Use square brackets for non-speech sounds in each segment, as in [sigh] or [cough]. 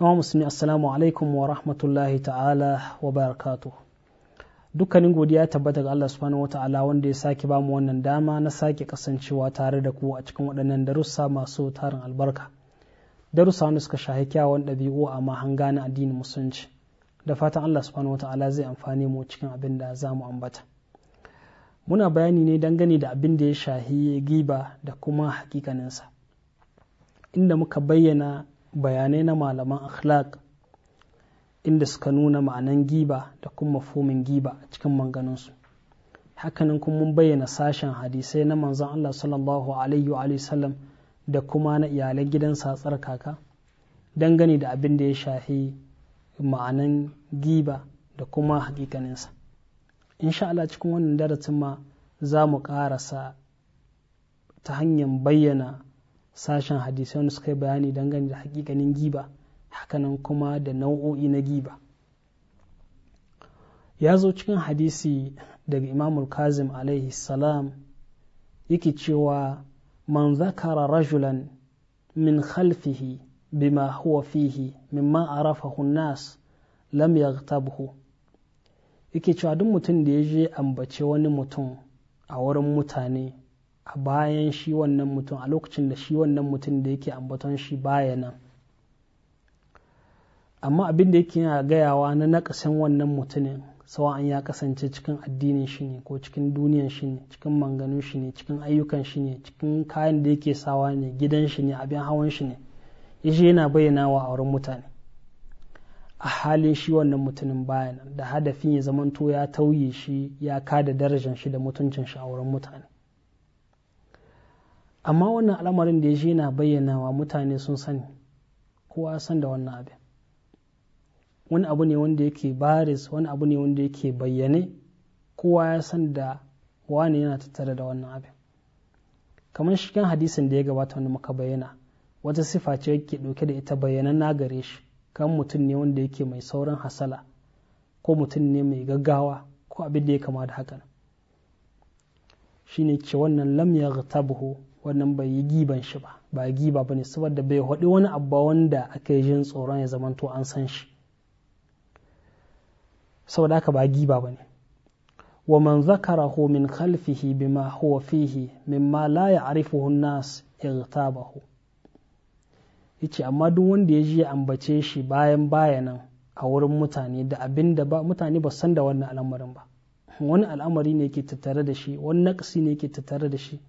Yawan musulmi assalamu alaikum wa rahmatullahi ta'ala wa barakatu. Dukkanin godiya tabbata ga Allah subhanahu wa ta'ala wanda ya sake bamu wannan dama na sake kasancewa tare da ku a cikin waɗannan darussa masu tarin albarka. Darussa wanda suka shahi kyawun ɗabi'u a hanga na addinin musulunci. Da fatan Allah subhanahu wa ta'ala zai amfane mu cikin abin da za mu ambata. Muna bayani ne dangane da abin da ya shahi giba da kuma hakikaninsa. Inda muka bayyana bayanai na malaman akhlaq inda suka nuna ma'anan giba da kuma mafumin giba a cikin manganinsu hakanan kuma mun bayyana sashen hadisai na manzon Allah sallallahu alaihi wa sallam da kuma na iyalan gidan satsar kaka dangane da abin da ya shafi ma'anan giba da kuma hakikaninsa insha Allah cikin wannan darasin ma za mu karasa ta hanyar bayyana sashen hadisai wanda suka yi bayani dangane da hakikanin giba hakanan kuma da nau'o'i na giba ya zo cikin hadisi daga imamul kazim alaihi salam yake cewa man zakara rajulan min khalfihi bima huwa fihi mimma arafahu nas lam yaghtabhu yake cewa duk mutum da ya je ambace wani mutum a wurin mutane a bayan shi wannan mutum a lokacin da shi wannan mutum da yake ambaton shi baya nan amma abin da yake yana gayawa na nakasin wannan mutumin an ya kasance cikin addinin shi ne ko cikin duniyan shi ne cikin manganun shi ne cikin ayyukan shi ne cikin kayan da yake sawa ne gidan shi ne abin hawan shi ne yaje yana bayyanawa a wurin mutane a halin shi wannan mutumin baya da hadafin ya zamanto ya tauye shi ya kada darajar shi da mutuncin shi a wurin mutane amma wannan al'amarin da ya shi yana bayyanawa mutane sun sani kowa san da wannan abin wani abu ne wanda yake baris wani abu ne wanda yake bayyane kowa ya san da wani yana tattare da wannan abin kamar kan hadisin da ya gabata wani muka bayyana wata sifa ce yake ɗauke da ita bayyana na gare shi kan mutum ne wanda yake mai sauran hasala ko mutum ne mai gaggawa ko abin da ya kama da hakan shine ce wannan lam ya wannan bai yi giban shi ba ba giba bane saboda bai haɗi wani abba wanda aka yi jin tsoron ya to an san shi saboda haka ba giba bane wa man zakarahu min khalfihi bima huwa fihi mimma la ya'rifuhu an-nas igtabahu yace amma duk wanda ya ji ya ambace shi bayan bayanan a wurin mutane da abinda da ba mutane ba san da wannan al'amarin ba wani al'amari ne ke tattare da shi wani naqsi ne ke tattare da shi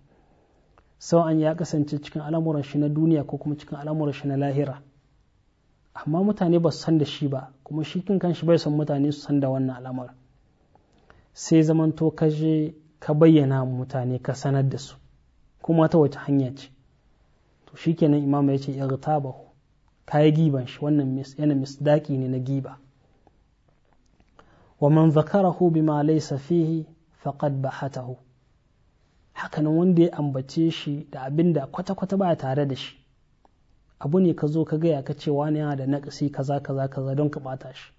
sau'an ya kasance cikin al'amuran shi na duniya ko kuma cikin al'amuran shi na lahira amma mutane ba su san da shi ba kuma shi kin kanshi bai son mutane su san da wannan al'amar sai zaman to ka je ka bayyana mutane ka sanar da su kuma ta wace hanya ce to shikenan imama ya ce irtabahu yi giban shi wannan yana misdaki ne na giba wa man zakarahu bima laysa fihi faqad bahatahu hakanan wanda ya ambace shi da abin da kwata-kwata ba tare da shi abu ne ka zo ka gaya ka ce wani yana da nakasi kaza kaza kaza don ka bata shi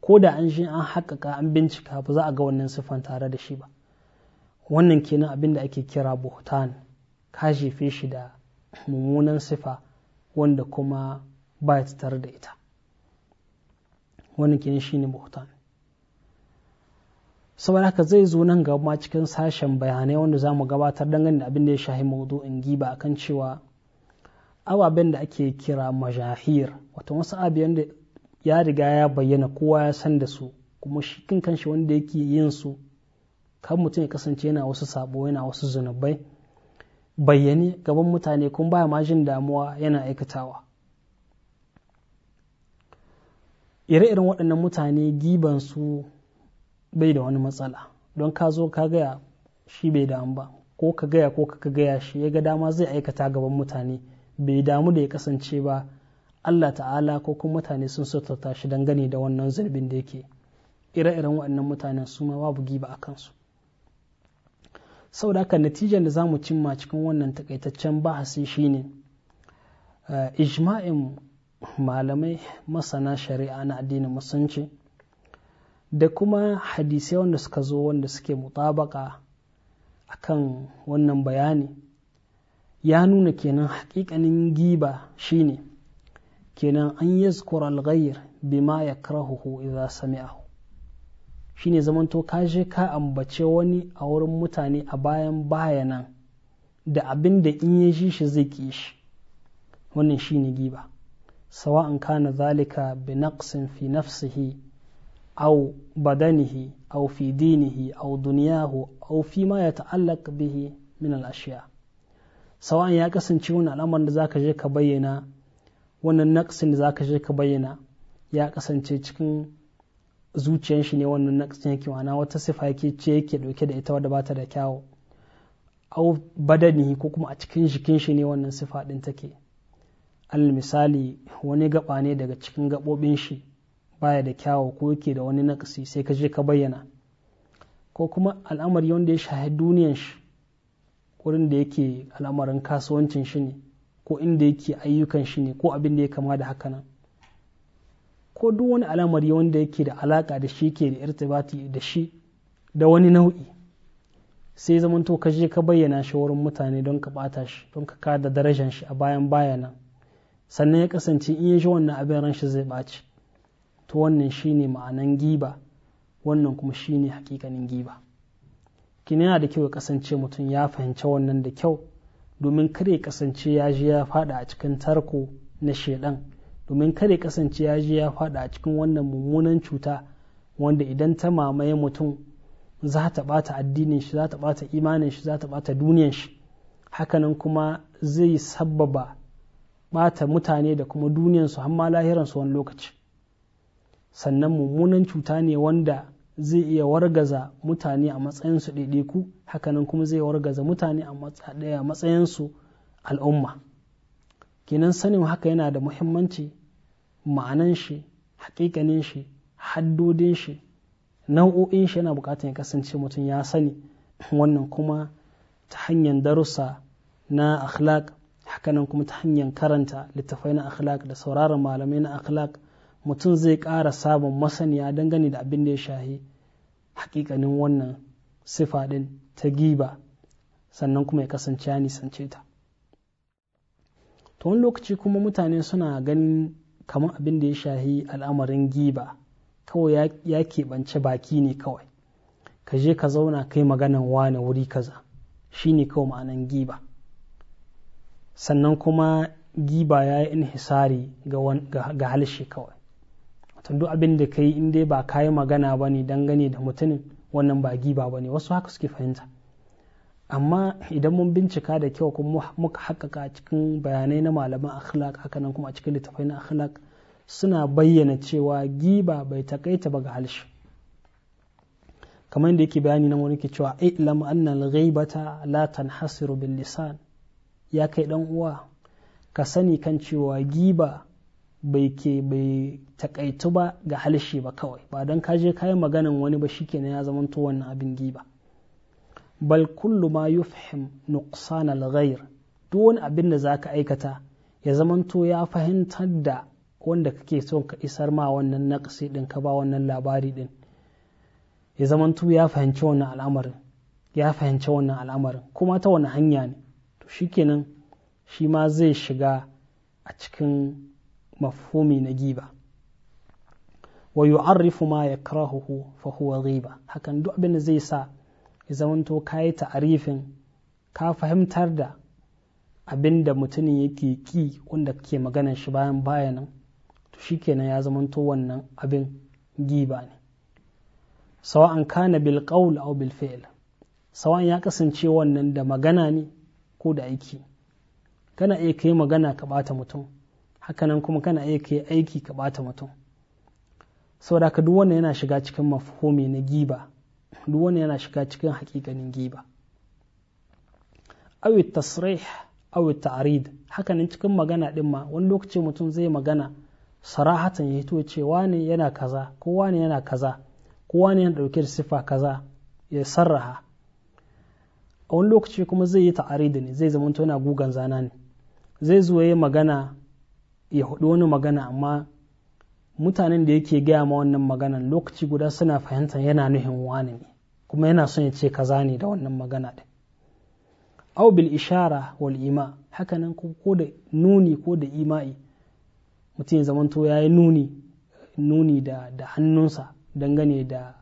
ko da an shi an haƙaƙa an bincika ba za a ga wannan siffan tare da shi ba wannan kenan abin da ake kira buhtan ka jefe shi da mummunan siffa wanda kuma ba ya tattare da ita wannan kenan shine buhtan saboda haka zai zo nan gaba cikin sashen bayanai wanda za mu gabatar dangane da abin da ya shahi in giba kan cewa ababen da ake kira majahir wata wasu abiyan da ya riga ya bayyana kowa ya san da su kuma shi kin kanshi wanda yake yin su kan mutum ya kasance yana wasu sabo yana wasu zunubai bayyane gaban mutane kuma baya ma jin damuwa yana aikatawa ire-iren waɗannan mutane giban su. bai da wani matsala don ka zo ka gaya shi bai damu ba ko ka gaya ko ka gaya shi ya ga dama zai aikata gaban mutane bai damu da ya kasance ba Allah ta'ala ko kuma mutane sun sautata shi gani da wannan zurbin da yake ire-iren waɗannan mutanen su ma babu giba a kansu saboda haka natijar da za mu cimma cikin wannan takaitaccen bahasi shine eh, ijma'in malamai masana shari'a na addinin musulunci da kuma hadisai wanda suka zo wanda suke mutabaka kan wannan bayani ya nuna kenan hakikanin giba shine kenan an yi al-ghayr bima yakrahuhu idza sami'ahu shine zamanto ka je ka ambace wani a wurin mutane a bayan bayanan da abin da in ya ji shi zai ki shi wannan shine giba sawa'an kana zalika bi naqsin fi nafsihi au badanihi au fi au duniyahu au fi ma ya ta'allaq bihi min al-ashiya sawa'an ya kasance wani al'amar da zaka je ka bayyana wannan naqsin da zaka je ka bayyana ya kasance cikin zuciyar shi ne wannan naqsin yake wana wata sifa yake ce yake dauke da ita wadda ba ta da kyawu au badanihi ko kuma a cikin jikin shi ne wannan sifa din take al misali wani gaba ne daga cikin gabobin shi baya da kyawu ko yake da wani nakasi sai ka je ka bayyana ko kuma al'amari wanda ya shahi duniyan shi wurin da yake al'amarin kasuwancin shi ne ko inda yake ayyukan shi ne ko abin da ya kama da haka nan ko duk wani al'amari wanda yake da alaka da shi ke da irtibati da shi da wani nau'i sai zamanto ka je ka bayyana shi wurin mutane don ka bata shi don ka kada darajar shi a bayan bayana sannan ya kasance in ya ji wannan abin ran shi zai ɓaci to wannan shine ma'anan giba wannan kuma shine hakikanin giba kina yana da kyau ya kasance mutum ya fahimci wannan da kyau domin kare kasance ya je ya fada a cikin tarko na shedan domin kare kasance ya je ya fada a cikin wannan mummunan cuta wanda idan ta mamaye mutum za ta bata addinin shi za ta bata imanin shi za ta bata duniyan shi hakanan kuma zai sabbaba bata mutane da kuma duniyansu har ma lahiransu wani lokaci sannan mummunan cuta ne wanda zai iya wargaza mutane a matsayinsu ɗaiɗaiku hakanan kuma zai wargaza mutane a matsayinsu al'umma kenan sanin haka yana da muhimmanci ma'anan shi haƙiƙanin shi haddodin shi nau'o'in shi yana buƙatar ya kasance mutum ya sani [clears throat] wannan kuma ta hanyar darussa na akhlaq hakanan kuma ta hanyar karanta littafai na akhlaq da sauraron malamai na akhlaq mutum zai ƙara sabon masaniya dangane da abin da ya shahi hakikanin wannan sifa ɗin ta giba sannan kuma ya kasance ya nisance ta to lokaci kuma mutane suna ganin kamar abin da ya shahi al'amarin giba kawai ya keɓance baki ne kawai ka je ka zauna kai maganan wane wuri kaza shi ne kawai ma'anan giba sannan kuma giba ya yi inhisari ga halshe kawai watan duk abin da kai in dai ba ka yi magana ba ne dangane da mutumin wannan ba giba ba ne wasu haka suke fahimta amma idan mun bincika da kyau kuma muka haƙaƙa a cikin bayanai na malaman akhlaq hakanan kuma a cikin littafai na akhlaq suna bayyana cewa giba bai takaita ba ga halshi kamar yadda yake bayani na wani ke cewa ilam annal ghaibata la tanhasiru bil lisan ya kai dan uwa ka sani kan cewa giba bai ke bai takaitu ba ga halishi ba kawai ba don ka je maganin maganan wani ba shi ya zamanto wannan abin giba bal kullu ma yufhim nuqsan al-ghayr duk wani abin da za ka aikata ya zamanto ya fahimtar da wanda kake so ka isar ma wannan naqsi din ka ba wannan labari din ya zamanto ya fahimci wannan al'amarin ya fahimci wannan al'amarin kuma ta wani hanya ne to shikenan shi ma zai shiga a cikin mafhumi na giba wa yu'arrifu ma yakrahuhu fa huwa ghiba hakan duk abin da zai sa ya zamanto kayi ta'arifin ka fahimtar da abin da mutumin yake ki wanda kake maganar shi bayan bayanan to shikenan ya zamanto wannan abin giba ne sawa'an kana bil qawl aw bil fi'l sawa'an ya kasance wannan da magana ne ko da aiki kana iya kai magana ka bata mutum hakanan kuma kana iya kai aiki ka bata mutum saboda ka duk wannan yana shiga cikin mafhumi na giba duk wannan yana shiga cikin hakikanin giba awi tasrih awi ta'rid hakanan cikin magana din ma wani lokaci mutum zai magana sarahatan ya hito ce wani yana kaza ko wani yana kaza ko wani yana dauke da sifa kaza ya sarraha a wani lokaci kuma zai yi ta'aridi ne zai zama yana gugan zana ne zai zo ya magana ya hudu wani magana amma mutanen da yake gaya ma wannan maganan lokaci guda suna fahimta yana nuhin wani ne kuma yana son ya ce kaza ne da wannan magana din aw bil ishara wal ima hakanan ko da nuni ko da ima'i mutum ya zamanto ya yi nuni nuni da, da hannunsa dangane da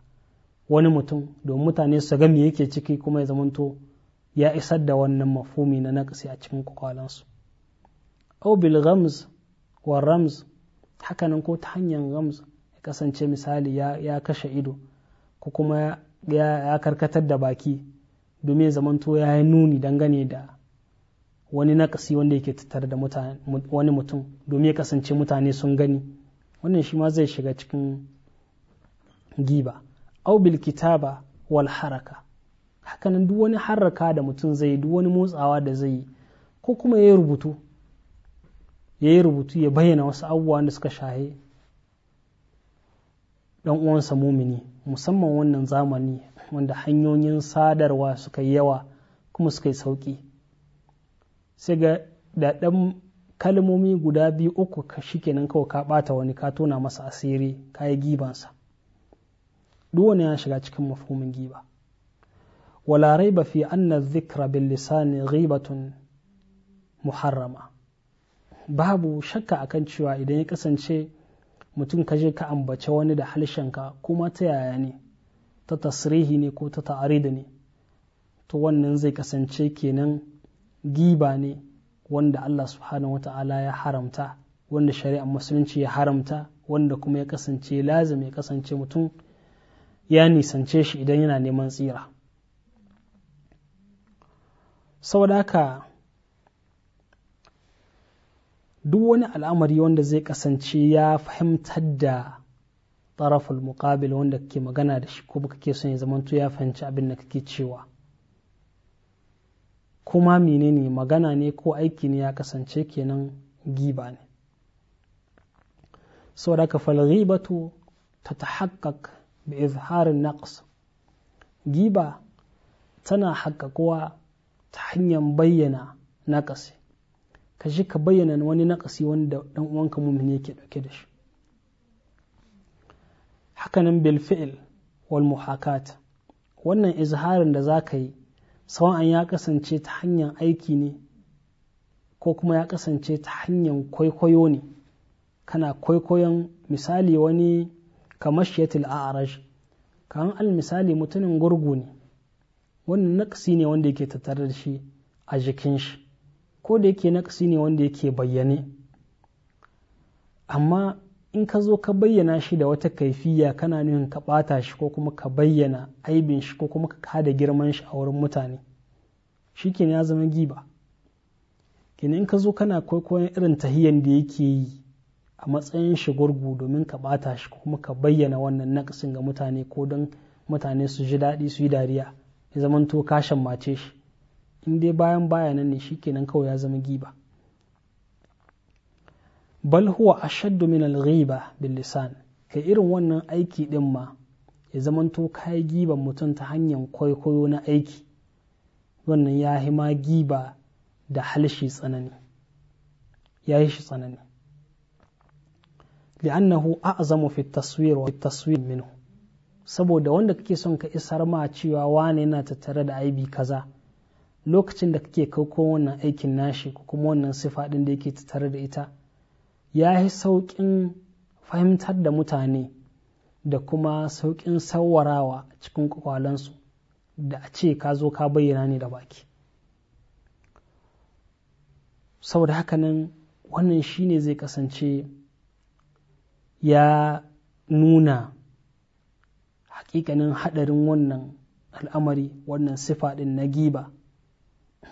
wani mutum domin mutane su ga me yake ciki kuma ya zamanto ya isar da wannan mafumi na naƙasi a cikin kwakwalansu aw bil ghamz wa rams hakanan ko ta hanyar rams ya kasance misali ya kashe ido ko kuma ya karkatar da baki domin zamanto ya yi nuni dangane da wani nakasi wanda yake tattare da wani mutum domin ya kasance mutane sun gani wannan shi ma zai shiga cikin giba au bil kitaba wal haraka hakanan duk wani haraka da mutum zai duk wani motsawa da zai yi ko kuma ya rubutu ya yi rubutu ya bayyana wasu abubuwa da suka shaye. Ɗan uwansa mumini musamman wannan zamani wanda hanyoyin sadarwa suka yi yawa kuma suka yi sauƙi sai ga da ɗan kalmomi guda biyu uku ka nan kawai ka ɓata wani ka tona masa asiri ka yi gibansa duk wani ya shiga cikin mafhumin giba wala ba fi anna dhikra bil lisani ribatun muharrama babu shakka akan cewa idan ya kasance mutum ka je ka ambace wani da halshenka kuma ta yaya ne ta tasrihi ne ko ta ta'arida ne to wannan zai kasance kenan giba ne wanda Allah subhanahu wata'ala ya haramta wanda shari'ar musulunci ya haramta wanda kuma ya kasance lazim ya kasance mutum ya nisance shi idan yana neman tsira saboda haka duk wani al'amari wanda zai kasance ya fahimtar da taraful muqabil wanda kake magana da shi ko baka ke son ya zamanto ya fahimci abin da kake cewa kuma menene magana ne ko aiki ne ya kasance kenan giba ne saboda ka ta tatahaqqaq bi izharin naqs giba tana haƙaƙuwa ta hanyar bayyana naƙasi ka ji ka bayyana wani naƙasi wanda ɗan uwanka mumin yake dauke da shi hakanan bil fi'il wal muhakat wannan izharin da zaka yi an ya kasance ta hanyar aiki ne ko kuma ya kasance ta hanyar kwaikwayo ne kana kwaikwayon misali wani kamar shiyatul a'raj kan al misali mutumin gurgu ne wannan naƙasi ne wanda yake tattare da shi a jikin shi ko da yake naƙasi ne wanda yake bayyane amma in ka zo ka bayyana shi da wata kaifiya kana nuhin ka ɓata shi ko kuma ka bayyana aibin shi ko kuma ka kada girman shi a wurin mutane shi ya zama giba kenan in ka zo kana kwaikwayon irin tahiyan da yake yi a matsayin shi gurgu domin ka ɓata shi ko kuma ka bayyana wannan naƙasin ga mutane ko don mutane su ji daɗi su yi dariya ya zamanto ka mace shi in dai bayan baya nan ne kenan kawai ya zama giba bal huwa ashaddu min al-ghiba bil lisan kai irin wannan aiki din ma ya zamanto kai giban mutum ta hanyar kwaikwayo na aiki wannan ya yi ma giba da halshi tsanani ya yi shi tsanani li'annahu a'zamu fi taswir wa taswir minhu saboda wanda kake son ka isar ma cewa wane yana tattare da aibi kaza lokacin da kake kauko wannan aikin nashi ko kuma wannan sifa ɗin da yake tattare da ita ya yi sauƙin fahimtar da mutane da kuma sauƙin sawarawa cikin kwalansu da a ce ka zo ka bayyana ne da baki saboda haka nan wannan shine zai kasance ya nuna hakikanin haɗarin wannan al'amari wannan sifa ɗin na giba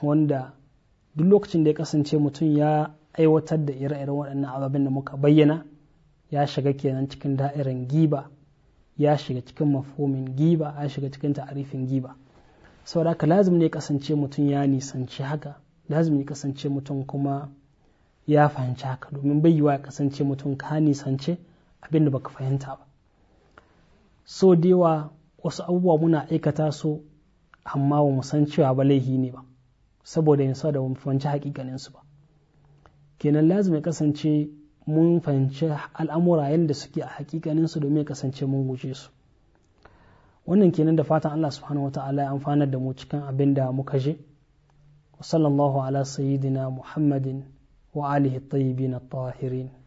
wanda duk lokacin da ya kasance mutum ya aiwatar da ire-iren waɗannan ababen da muka bayyana ya shiga kenan cikin da'irin giba ya shiga cikin mafomin giba ya shiga cikin ta'arifin giba saboda haka lazim ne kasance mutum ya nisanci haka lazim ne kasance mutum kuma ya fahimci haka domin bai yiwa ya kasance mutum ka nisance abin da baka fahimta ba so da yawa wasu abubuwa muna aikata su amma ba mu san cewa ba laihi ne ba saboda yin da mun fahimci hakikanin su ba kenan lazim ya kasance mun fahimci al'amura yadda suke a hakikanin su domin ya kasance mun guje su wannan kenan da fatan Allah subhanahu wa ta'ala ya amfana da mu cikin abin da muka je wa sallallahu ala sayyidina muhammadin wa alihi tayyibin at-tahirin